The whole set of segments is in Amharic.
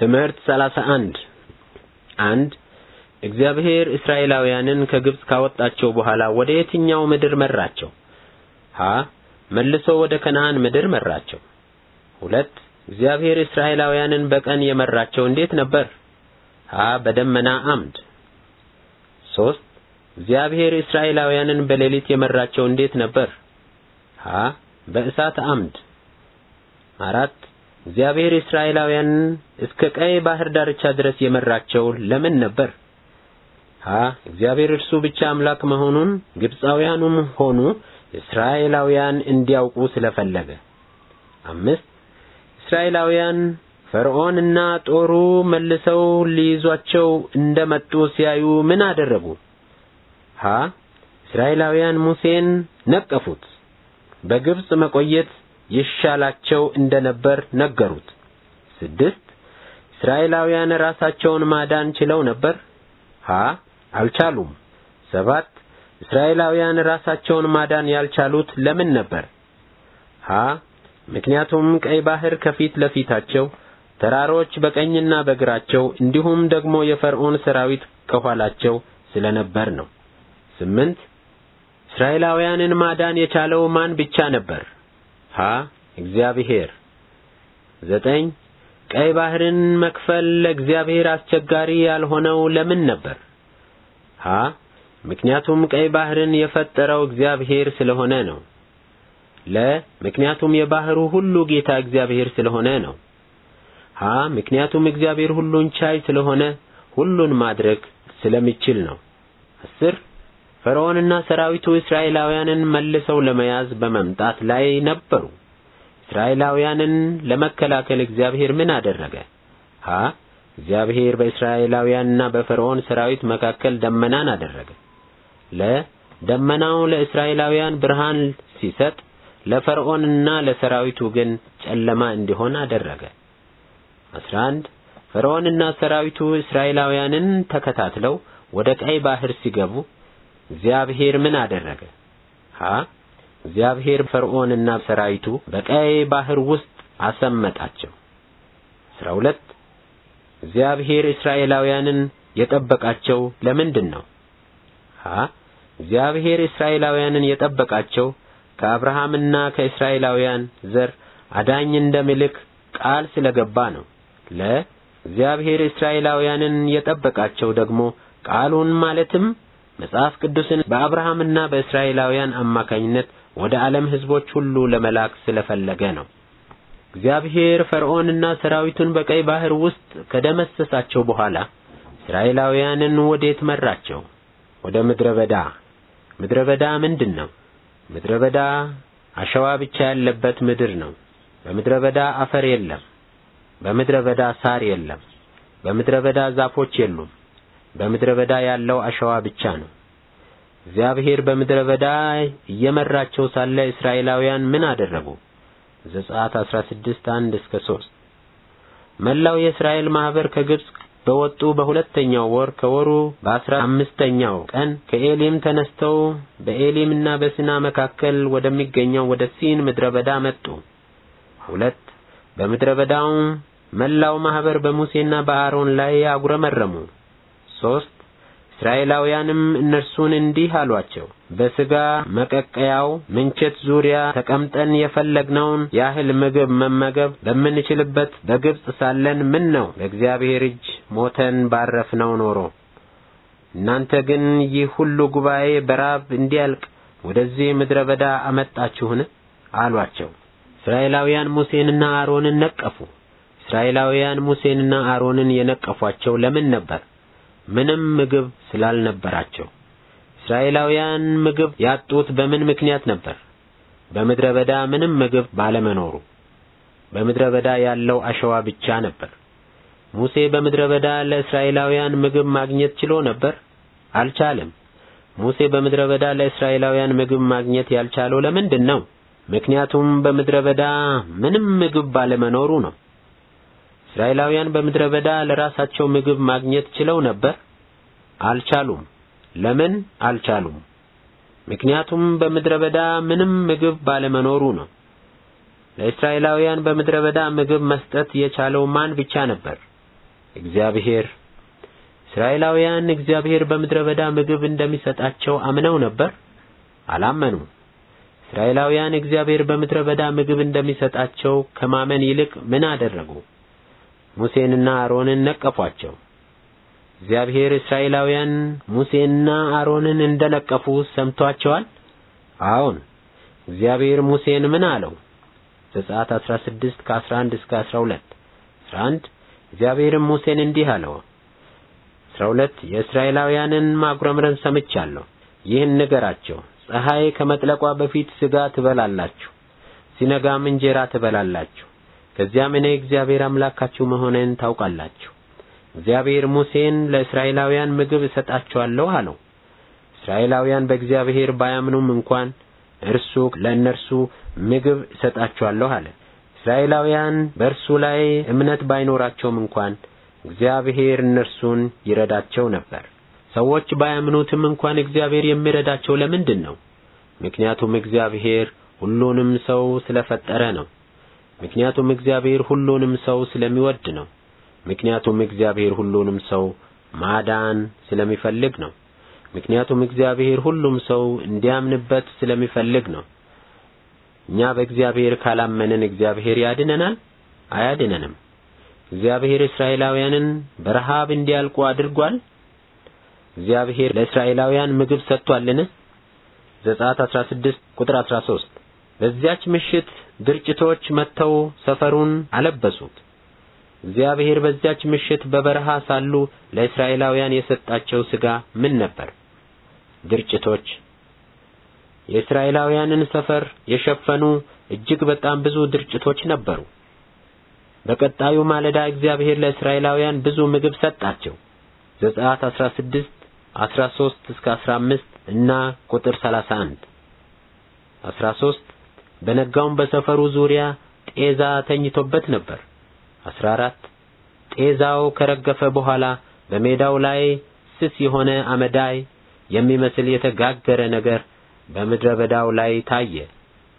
ትምህርት 31 አንድ እግዚአብሔር እስራኤላውያንን ከግብጽ ካወጣቸው በኋላ ወደ የትኛው ምድር መራቸው? ሀ መልሶ ወደ ከነዓን ምድር መራቸው። ሁለት እግዚአብሔር እስራኤላውያንን በቀን የመራቸው እንዴት ነበር? ሀ በደመና አምድ። ሶስት እግዚአብሔር እስራኤላውያንን በሌሊት የመራቸው እንዴት ነበር? ሀ በእሳት አምድ። አራት እግዚአብሔር እስራኤላውያንን እስከ ቀይ ባህር ዳርቻ ድረስ የመራቸው ለምን ነበር? ሀ እግዚአብሔር እርሱ ብቻ አምላክ መሆኑን ግብፃውያኑም ሆኑ እስራኤላውያን እንዲያውቁ ስለፈለገ። አምስት እስራኤላውያን ፈርዖንና ጦሩ መልሰው ሊይዟቸው እንደመጡ ሲያዩ ምን አደረጉ? ሀ እስራኤላውያን ሙሴን ነቀፉት። በግብፅ መቆየት ይሻላቸው እንደነበር ነገሩት። ስድስት እስራኤላውያን ራሳቸውን ማዳን ችለው ነበር? ሀ አልቻሉም። ሰባት እስራኤላውያን ራሳቸውን ማዳን ያልቻሉት ለምን ነበር? ሀ ምክንያቱም ቀይ ባህር ከፊት ለፊታቸው፣ ተራሮች በቀኝና በግራቸው እንዲሁም ደግሞ የፈርዖን ሰራዊት ከኋላቸው ስለነበር ነው። ስምንት እስራኤላውያንን ማዳን የቻለው ማን ብቻ ነበር? ሀ እግዚአብሔር ዘጠኝ ቀይ ባህርን መክፈል ለእግዚአብሔር አስቸጋሪ ያልሆነው ለምን ነበር? ሀ ምክንያቱም ቀይ ባህርን የፈጠረው እግዚአብሔር ስለሆነ ነው። ለ ምክንያቱም የባህሩ ሁሉ ጌታ እግዚአብሔር ስለሆነ ነው። ሀ ምክንያቱም እግዚአብሔር ሁሉን ቻይ ስለሆነ ሁሉን ማድረግ ስለሚችል ነው። አስር ፈርዖንና ሰራዊቱ እስራኤላውያንን መልሰው ለመያዝ በመምጣት ላይ ነበሩ። እስራኤላውያንን ለመከላከል እግዚአብሔር ምን አደረገ? ሀ እግዚአብሔር በእስራኤላውያንና በፈርዖን ሰራዊት መካከል ደመናን አደረገ። ለ ደመናው ለእስራኤላውያን ብርሃን ሲሰጥ ለፈርዖንና ለሰራዊቱ ግን ጨለማ እንዲሆን አደረገ። 11 ፈርዖንና ሰራዊቱ እስራኤላውያንን ተከታትለው ወደ ቀይ ባህር ሲገቡ እግዚአብሔር ምን አደረገ? ሀ እግዚአብሔር ፈርዖንና ሰራዊቱ በቀይ ባህር ውስጥ አሰመጣቸው። ሥራ ሁለት እግዚአብሔር እስራኤላውያንን የጠበቃቸው ለምንድን ነው? ሀ እግዚአብሔር እስራኤላውያንን የጠበቃቸው ከአብርሃምና ከእስራኤላውያን ዘር አዳኝ እንደሚልክ ቃል ስለገባ ነው። ለ እግዚአብሔር እስራኤላውያንን የጠበቃቸው ደግሞ ቃሉን ማለትም መጽሐፍ ቅዱስን በአብርሃምና በእስራኤላውያን አማካኝነት ወደ ዓለም ሕዝቦች ሁሉ ለመላክ ስለፈለገ ነው። እግዚአብሔር ፈርዖንና ሰራዊቱን በቀይ ባህር ውስጥ ከደመሰሳቸው በኋላ እስራኤላውያንን ወዴት መራቸው? ወደ ምድረ በዳ። ምድረ በዳ ምንድን ነው? ምድረ በዳ አሸዋ ብቻ ያለበት ምድር ነው። በምድረ በዳ አፈር የለም። በምድረ በዳ ሳር የለም። በምድረ በዳ ዛፎች የሉም። በምድረ በዳ ያለው አሸዋ ብቻ ነው። እግዚአብሔር በምድረ በዳ እየመራቸው ሳለ እስራኤላውያን ምን አደረጉ? ዘጸአት 16 1 እስከ 3 መላው የእስራኤል ማህበር ከግብጽ በወጡ በሁለተኛው ወር ከወሩ በአስራ አምስተኛው ቀን ከኤሊም ተነስተው በኤሊምና በሲና መካከል ወደሚገኘው ወደ ሲን ምድረ በዳ መጡ። ሁለት በምድረ በዳውም መላው ማህበር በሙሴና በአሮን ላይ አጉረመረሙ። ሶስት እስራኤላውያንም እነርሱን እንዲህ አሏቸው፣ በሥጋ መቀቀያው ምንቸት ዙሪያ ተቀምጠን የፈለግነውን ያህል ምግብ መመገብ በምንችልበት በግብፅ ሳለን ምን ነው በእግዚአብሔር እጅ ሞተን ባረፍነው ኖሮ። እናንተ ግን ይህ ሁሉ ጉባኤ በራብ እንዲያልቅ ወደዚህ ምድረ በዳ አመጣችሁን? አሏቸው። እስራኤላውያን ሙሴንና አሮንን ነቀፉ። እስራኤላውያን ሙሴንና አሮንን የነቀፏቸው ለምን ነበር? ምንም ምግብ ስላልነበራቸው። እስራኤላውያን ምግብ ያጡት በምን ምክንያት ነበር? በምድረ በዳ ምንም ምግብ ባለመኖሩ። በምድረ በዳ ያለው አሸዋ ብቻ ነበር። ሙሴ በምድረ በዳ ለእስራኤላውያን ምግብ ማግኘት ችሎ ነበር? አልቻለም። ሙሴ በምድረ በዳ ለእስራኤላውያን ምግብ ማግኘት ያልቻለው ለምንድን ነው? ምክንያቱም በምድረ በዳ ምንም ምግብ ባለመኖሩ ነው። እስራኤላውያን በምድረ በዳ ለራሳቸው ምግብ ማግኘት ችለው ነበር? አልቻሉም። ለምን አልቻሉም? ምክንያቱም በምድረ በዳ ምንም ምግብ ባለመኖሩ ነው። ለእስራኤላውያን በምድረ በዳ ምግብ መስጠት የቻለው ማን ብቻ ነበር? እግዚአብሔር። እስራኤላውያን እግዚአብሔር በምድረ በዳ ምግብ እንደሚሰጣቸው አምነው ነበር? አላመኑም። እስራኤላውያን እግዚአብሔር በምድረ በዳ ምግብ እንደሚሰጣቸው ከማመን ይልቅ ምን አደረጉ? ሙሴንና አሮንን ነቀፏቸው። እግዚአብሔር እስራኤላውያን ሙሴንና አሮንን እንደነቀፉ ሰምቷቸዋል? አዎን። እግዚአብሔር ሙሴን ምን አለው? ዘጸአት 16 ከ11 እስከ 12 11 እግዚአብሔርም ሙሴን እንዲህ አለው 12 የእስራኤላውያንን ማጉረምረም ሰምቻለሁ። ይህን ንገራቸው፣ ፀሐይ ከመጥለቋ በፊት ሥጋ ትበላላችሁ፣ ሲነጋም እንጀራ ትበላላችሁ ከዚያም እኔ እግዚአብሔር አምላካችሁ መሆኔን ታውቃላችሁ። እግዚአብሔር ሙሴን ለእስራኤላውያን ምግብ እሰጣቸዋለሁ አለው። እስራኤላውያን በእግዚአብሔር ባያምኑም እንኳን እርሱ ለእነርሱ ምግብ እሰጣቸዋለሁ አለ። እስራኤላውያን በእርሱ ላይ እምነት ባይኖራቸውም እንኳን እግዚአብሔር እነርሱን ይረዳቸው ነበር። ሰዎች ባያምኑትም እንኳን እግዚአብሔር የሚረዳቸው ለምንድን ነው? ምክንያቱም እግዚአብሔር ሁሉንም ሰው ስለፈጠረ ነው። ምክንያቱም እግዚአብሔር ሁሉንም ሰው ስለሚወድ ነው። ምክንያቱም እግዚአብሔር ሁሉንም ሰው ማዳን ስለሚፈልግ ነው። ምክንያቱም እግዚአብሔር ሁሉም ሰው እንዲያምንበት ስለሚፈልግ ነው። እኛ በእግዚአብሔር ካላመንን እግዚአብሔር ያድነናል? አያድነንም። እግዚአብሔር እስራኤላውያንን በረሃብ እንዲያልቁ አድርጓል? እግዚአብሔር ለእስራኤላውያን ምግብ ሰጥቷልን? ዘጸአት 16 ቁጥር 13 በዚያች ምሽት ድርጭቶች መጥተው ሰፈሩን አለበሱት። እግዚአብሔር በዚያች ምሽት በበረሃ ሳሉ ለእስራኤላውያን የሰጣቸው ሥጋ ምን ነበር? ድርጭቶች። የእስራኤላውያንን ሰፈር የሸፈኑ እጅግ በጣም ብዙ ድርጭቶች ነበሩ። በቀጣዩ ማለዳ እግዚአብሔር ለእስራኤላውያን ብዙ ምግብ ሰጣቸው። ዘጸአት 16 13 እስከ 15 እና ቁጥር 31 13 በነጋውም በሰፈሩ ዙሪያ ጤዛ ተኝቶበት ነበር። 14 ጤዛው ከረገፈ በኋላ በሜዳው ላይ ስስ የሆነ አመዳይ የሚመስል የተጋገረ ነገር በምድረ በዳው ላይ ታየ።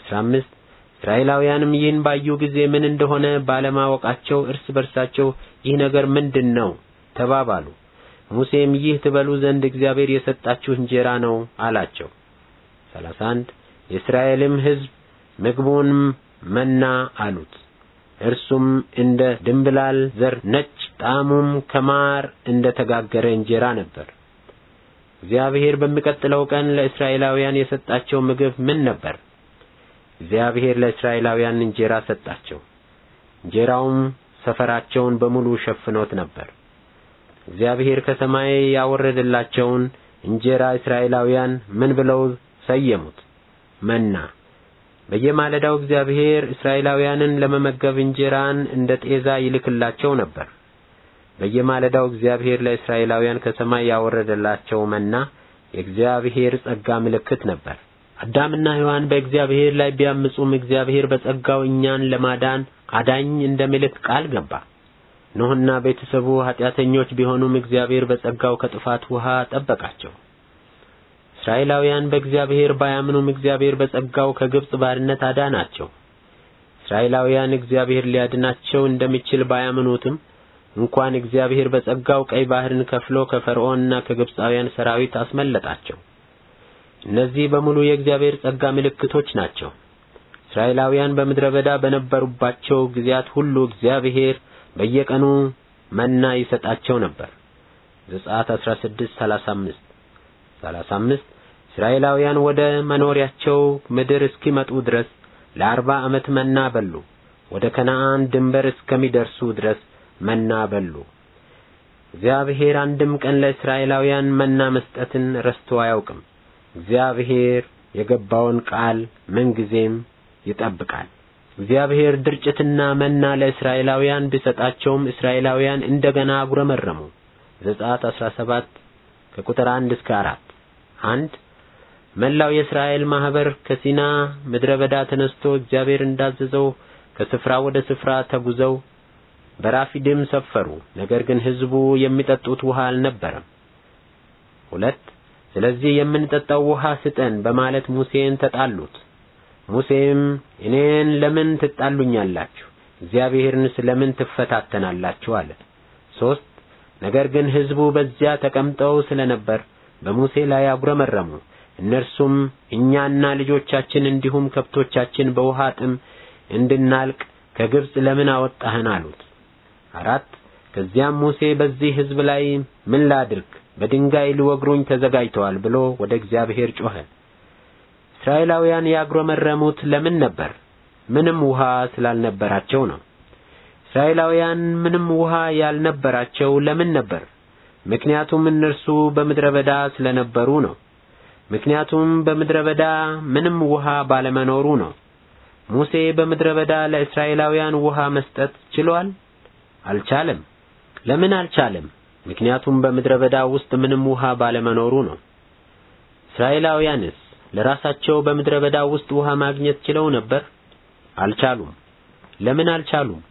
15 እስራኤላውያንም ይህን ባዩ ጊዜ ምን እንደሆነ ባለማወቃቸው እርስ በርሳቸው ይህ ነገር ምንድን ነው ተባባሉ። ሙሴም ይህ ትበሉ ዘንድ እግዚአብሔር የሰጣችሁ እንጀራ ነው አላቸው። 31 የእስራኤልም ሕዝብ ምግቡንም መና አሉት። እርሱም እንደ ድንብላል ዘር ነጭ፣ ጣዕሙም ከማር እንደ ተጋገረ እንጀራ ነበር። እግዚአብሔር በሚቀጥለው ቀን ለእስራኤላውያን የሰጣቸው ምግብ ምን ነበር? እግዚአብሔር ለእስራኤላውያን እንጀራ ሰጣቸው። እንጀራውም ሰፈራቸውን በሙሉ ሸፍኖት ነበር። እግዚአብሔር ከሰማይ ያወረደላቸውን እንጀራ እስራኤላውያን ምን ብለው ሰየሙት? መና በየማለዳው እግዚአብሔር እስራኤላውያንን ለመመገብ እንጀራን እንደ ጤዛ ይልክላቸው ነበር። በየማለዳው እግዚአብሔር ለእስራኤላውያን ከሰማይ ያወረደላቸው መና የእግዚአብሔር ጸጋ ምልክት ነበር። አዳምና ሔዋን በእግዚአብሔር ላይ ቢያምፁም እግዚአብሔር በጸጋው እኛን ለማዳን አዳኝ እንደሚልክ ቃል ገባ። ኖህና ቤተሰቡ ኃጢአተኞች ቢሆኑም እግዚአብሔር በጸጋው ከጥፋት ውሃ ጠበቃቸው። እስራኤላውያን በእግዚአብሔር ባያምኑም እግዚአብሔር በጸጋው ከግብጽ ባርነት አዳናቸው። እስራኤላውያን እግዚአብሔር ሊያድናቸው እንደሚችል ባያምኑትም እንኳን እግዚአብሔር በጸጋው ቀይ ባህርን ከፍሎ ከፈርዖንና ከግብጻውያን ሰራዊት አስመለጣቸው። እነዚህ በሙሉ የእግዚአብሔር ጸጋ ምልክቶች ናቸው። እስራኤላውያን በምድረ በዳ በነበሩባቸው ጊዜያት ሁሉ እግዚአብሔር በየቀኑ መና ይሰጣቸው ነበር። ዘጸአት 16 35 35 እስራኤላውያን ወደ መኖሪያቸው ምድር እስኪመጡ ድረስ ለአርባ ዓመት መና በሉ። ወደ ከነዓን ድንበር እስከሚደርሱ ድረስ መና በሉ። እግዚአብሔር አንድም ቀን ለእስራኤላውያን መና መስጠትን ረስቶ አያውቅም። እግዚአብሔር የገባውን ቃል ምንጊዜም ይጠብቃል። እግዚአብሔር ድርጭትና መና ለእስራኤላውያን ቢሰጣቸውም እስራኤላውያን እንደገና አጉረመረሙ። ዘጸአት 17 ከቁጥር 1 እስከ 4 አንድ መላው የእስራኤል ማህበር ከሲና ምድረ በዳ ተነስቶ እግዚአብሔር እንዳዘዘው ከስፍራ ወደ ስፍራ ተጉዘው በራፊድም ሰፈሩ። ነገር ግን ህዝቡ የሚጠጡት ውሃ አልነበረም። ሁለት ስለዚህ የምንጠጣው ውሃ ስጠን በማለት ሙሴን ተጣሉት። ሙሴም እኔን ለምን ትጣሉኛላችሁ? እግዚአብሔርን ስለምን ትፈታተናላችሁ? አለ። ሶስት ነገር ግን ህዝቡ በዚያ ተቀምጠው ስለነበር በሙሴ ላይ አጉረመረሙ። እነርሱም እኛና ልጆቻችን እንዲሁም ከብቶቻችን በውሃ ጥም እንድናልቅ ከግብፅ ለምን አወጣህን አሉት። አራት ከዚያም ሙሴ በዚህ ሕዝብ ላይ ምን ላድርግ? በድንጋይ ሊወግሩኝ ተዘጋጅተዋል ብሎ ወደ እግዚአብሔር ጮኸ። እስራኤላውያን ያጉረመረሙት ለምን ነበር? ምንም ውሃ ስላልነበራቸው ነው። እስራኤላውያን ምንም ውሃ ያልነበራቸው ለምን ነበር? ምክንያቱም እነርሱ በምድረ በዳ ስለነበሩ ነው። ምክንያቱም በምድረ በዳ ምንም ውሃ ባለመኖሩ ነው። ሙሴ በምድረ በዳ ለእስራኤላውያን ውሃ መስጠት ችሏል? አልቻለም። ለምን አልቻለም? ምክንያቱም በምድረ በዳ ውስጥ ምንም ውሃ ባለመኖሩ ነው። እስራኤላውያንስ ለራሳቸው በምድረ በዳ ውስጥ ውሃ ማግኘት ችለው ነበር? አልቻሉም። ለምን አልቻሉም?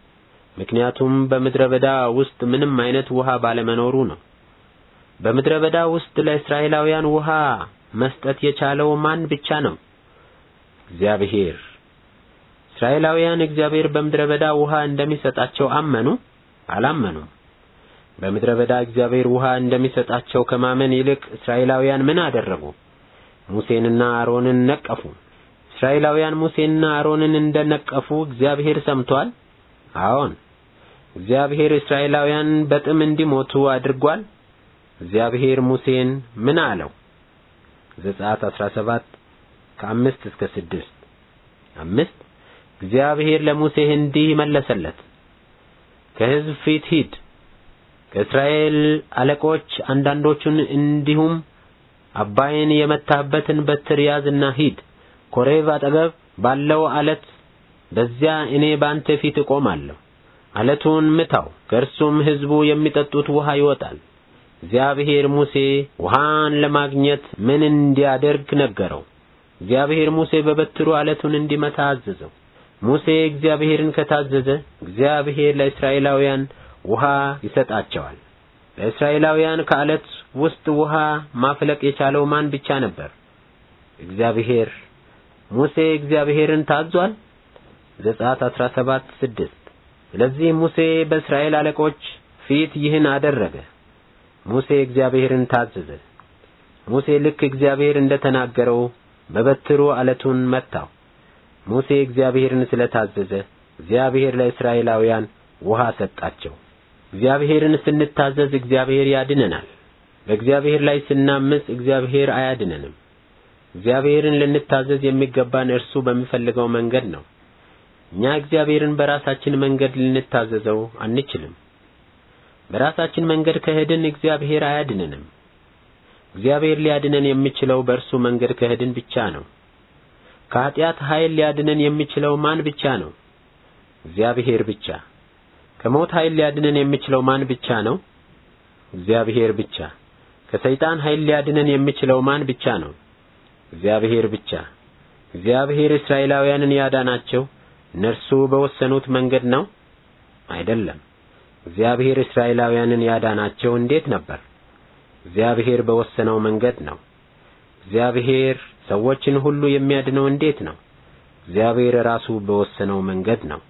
ምክንያቱም በምድረ በዳ ውስጥ ምንም አይነት ውሃ ባለመኖሩ ነው። በምድረ በዳ ውስጥ ለእስራኤላውያን ውሃ መስጠት የቻለው ማን ብቻ ነው? እግዚአብሔር። እስራኤላውያን እግዚአብሔር በምድረ በዳ ውሃ እንደሚሰጣቸው አመኑ? አላመኑም። በምድረ በዳ እግዚአብሔር ውሃ እንደሚሰጣቸው ከማመን ይልቅ እስራኤላውያን ምን አደረጉ? ሙሴንና አሮንን ነቀፉ። እስራኤላውያን ሙሴንና አሮንን እንደነቀፉ እግዚአብሔር ሰምቷል? አዎን። እግዚአብሔር እስራኤላውያን በጥም እንዲሞቱ አድርጓል? እግዚአብሔር ሙሴን ምን አለው? ዘጸአት 17 ከአምስት እስከ ስድስት አምስት እግዚአብሔር ለሙሴ እንዲህ መለሰለት፣ ከሕዝብ ፊት ሂድ፣ ከእስራኤል አለቆች አንዳንዶቹን እንዲሁም አባይን የመታበትን በትር ያዝና ሂድ፣ ኮሬቭ አጠገብ ባለው አለት በዚያ እኔ ባንተ ፊት እቆማለሁ። አለቱን ምታው፣ ከእርሱም ሕዝቡ የሚጠጡት ውሃ ይወጣል። እግዚአብሔር ሙሴ ውሃን ለማግኘት ምን እንዲያደርግ ነገረው። እግዚአብሔር ሙሴ በበትሩ አለቱን እንዲመታ አዘዘው። ሙሴ እግዚአብሔርን ከታዘዘ እግዚአብሔር ለእስራኤላውያን ውሃ ይሰጣቸዋል። ለእስራኤላውያን ከአለት ውስጥ ውሃ ማፍለቅ የቻለው ማን ብቻ ነበር? እግዚአብሔር። ሙሴ እግዚአብሔርን ታዟል። ዘጸአት 17 ስድስት ስለዚህ ሙሴ በእስራኤል አለቆች ፊት ይህን አደረገ። ሙሴ እግዚአብሔርን ታዘዘ። ሙሴ ልክ እግዚአብሔር እንደተናገረው በበትሩ አለቱን መታው። ሙሴ እግዚአብሔርን ስለታዘዘ እግዚአብሔር ለእስራኤላውያን ውሃ ሰጣቸው። እግዚአብሔርን ስንታዘዝ እግዚአብሔር ያድነናል። በእግዚአብሔር ላይ ስናምፅ እግዚአብሔር አያድነንም። እግዚአብሔርን ልንታዘዝ የሚገባን እርሱ በሚፈልገው መንገድ ነው። እኛ እግዚአብሔርን በራሳችን መንገድ ልንታዘዘው አንችልም። በራሳችን መንገድ ከሄድን እግዚአብሔር አያድንንም። እግዚአብሔር ሊያድነን የሚችለው በእርሱ መንገድ ከሄድን ብቻ ነው። ከኃጢአት ኃይል ሊያድነን የሚችለው ማን ብቻ ነው? እግዚአብሔር ብቻ። ከሞት ኃይል ሊያድነን የሚችለው ማን ብቻ ነው? እግዚአብሔር ብቻ። ከሰይጣን ኃይል ሊያድነን የሚችለው ማን ብቻ ነው? እግዚአብሔር ብቻ። እግዚአብሔር እስራኤላውያንን ያዳናቸው እነርሱ በወሰኑት መንገድ ነው? አይደለም። እግዚአብሔር እስራኤላውያንን ያዳናቸው እንዴት ነበር? እግዚአብሔር በወሰነው መንገድ ነው። እግዚአብሔር ሰዎችን ሁሉ የሚያድነው እንዴት ነው? እግዚአብሔር ራሱ በወሰነው መንገድ ነው።